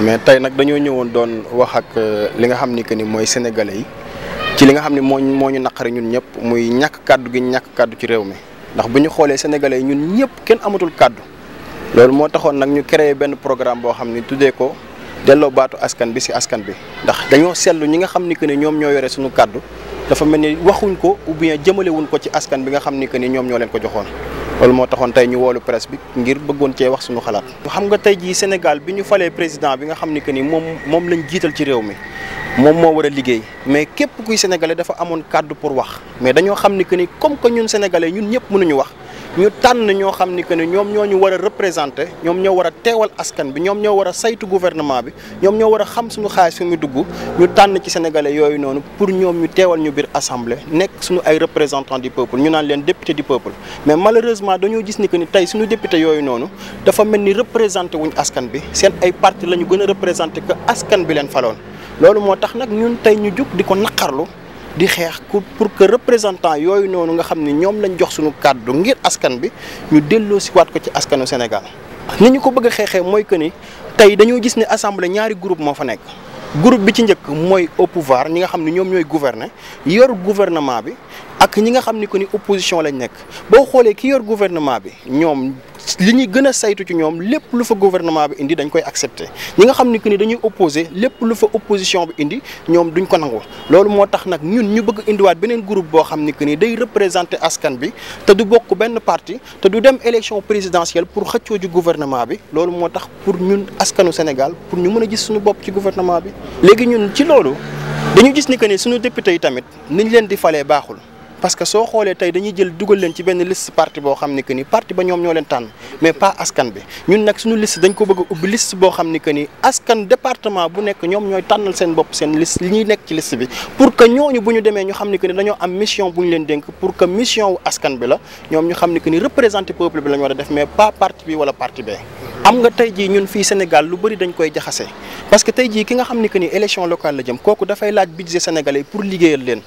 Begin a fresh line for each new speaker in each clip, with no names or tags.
mais tey nag dañoo ñëwoon doon wax ak euh, li nga xam ni que ni mooy sénégalais yi ci li nga xam ni moo moo ñu naqari ñun ñëpp muy ñàkk kàddu gi ñàkk kàddu ci réew mi ndax bu ñu xoolee sénégalais yi ñun ñëpp kenn amatul kàddu loolu moo taxoon nag ñu créé benn programme boo xam ni tuddee ko delloo baatu askan bi si askan bi ndax dañoo seetlu ñi nga xam ni que ni ñoom ñoo yore suñu kàddu dafa mel ni waxuñ ko ou bien jëmalewuñ ko ci askan bi nga xam ni que ni ñoom ñoo leen ko joxoon loolu moo taxoon tey ñu woolu presse bi ngir bëggoon cee wax suñu xalaat. xam nga tey jii Sénégal bi ñu falee président bi nga xam ni que nii moom moom lañ jiital ci réew mi moom moo war a liggéey mais képp kuy sénégalais dafa amoon kàdd pour wax mais dañoo xam ni que ni comme que ñun sénégalais ñun ñëpp mënuñu wax. ñu tànn ñoo xam ni que ne ñoom ñoo ñu war a représenter ñoom ñoo war a teewal askan bi ñoom ñoo war a saytu gouvernement bi ñoom ñoo war a xam suñu xaalis fi mu dugg ñu tànn ci sénégalais yooyu noonu pour ñoom ñu teewal ñu biir assemblée nekk suñu ay représentants du peuple ñu naan leen député du peuple mais malheureusement dañoo gis ni que ni tey suñu député yooyu noonu dafa mel ni représenté wuñu askan bi seen ay parti la ñu gën a représenté que askan bi leen faloon loolu moo tax nag ñun tey ñu jug di ko naqarlu di xeex pour que représentant yooyu noonu nga xam ne ñoom lañ jox suñu kàddu ngir askan bi ñu delloo si waat ko ci askanu Sénégal ni ñu ko bëgg a xeexee mooy que ni tey dañoo gis ne assemblée ñaari groupe moo fa nekk groupe bi ci njëkk mooy au pouvoir ñi nga xam ni ñoom ñooy gouverner yor gouvernement bi ak ñi nga xam ni que ni opposition lañ nekk boo xoolee ki yor gouvernement bi ñoom li ñuy gën a saytu ci ñoom lépp lu fa gouvernement bi indi dañ koy accepté ñi nga xam ni que ni dañuy opposé lépp lu fa opposition bi indi ñoom duñ ko nangu loolu moo tax nag ñun ñu bëgg indiwaat beneen groupe boo xam ni que ni day représenté askan bi te du bokk benn parti te du dem élection présidentielle pour xëccoo ji gouvernement bi loolu moo tax pour ñun askanu Sénégal pour ñu mën a gis suñu bopp ci gouvernement bi léegi ñun ci loolu dañu gis ni que ni suñu député yi tamit niñ leen di falee baaxul parce que soo xoolee tey dañuy jël dugal leen ci benn liste parti boo xam ne que ni parti ba ñoom ñoo leen tànn mais pas askan bi ñun nag suñu liste dañ ko bëgg a ubbi liste boo xam ne que ni askan département bu nekk ñoom ñooy tànnal seen bopp seen liste li ñuy nekk ci liste bi pour que ñooñu bu ñu demee ñu xam ne que ni dañoo am mission bu ñu leen dénk pour que mission wu askan bi la ñoom ñu xam ne que ni représenter peuple bi la ñu war a def mais pas parti bi wala am nga tey jii ñun fii Sénégal lu bëri dañ koy jaxase parce que tey jii ki nga xam ne que ni élection locale la jëm kooku dafay laaj budget sénégalais pour liggéeyal leen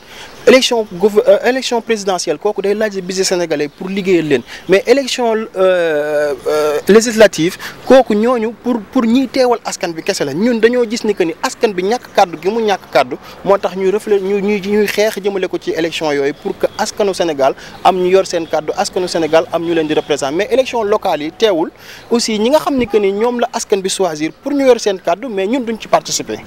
élection gouv euh, élection présidentielle kooku day laaj budget sénégalais pour liggéeyal leen mais élection euh, euh, législative kooku ñooñu pour pour ñiy teewal askan bi kese la ñun dañoo gis ni que ni askan bi ñàkk kàddu gi mu ñàkk kàddu moo tax ñuy reflet ñu ñuy ñuy xeex jëmale ko ci élection yooyu pour que askanu Sénégal am ñu yor seen kàddu askanu Sénégal am ñu leen di représenté mais élection locale yi teewul xam ni que ni ñoom la askan bi choisir pour ñu yor seen kàddu mais ñun duñ ci participer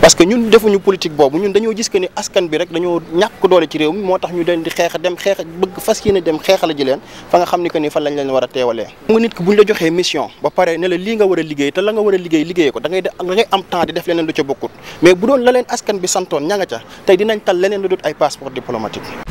parce que ñun defuñu politique boobu ñun dañoo gis que ni askan bi rek dañoo ñàkk doole ci réew mi moo tax ñu leen di xeex dem xeex bëgg fas yéene dem xeexala ji leen fa nga xam ni que ni fan lañ leen war a teewalee nga nit ki bu ñu la joxee mission ba pare ne la lii nga war a liggéey te la nga war a liggéey liggéey ko da ngay da ngay am temps di def leneen leen leneen lu dut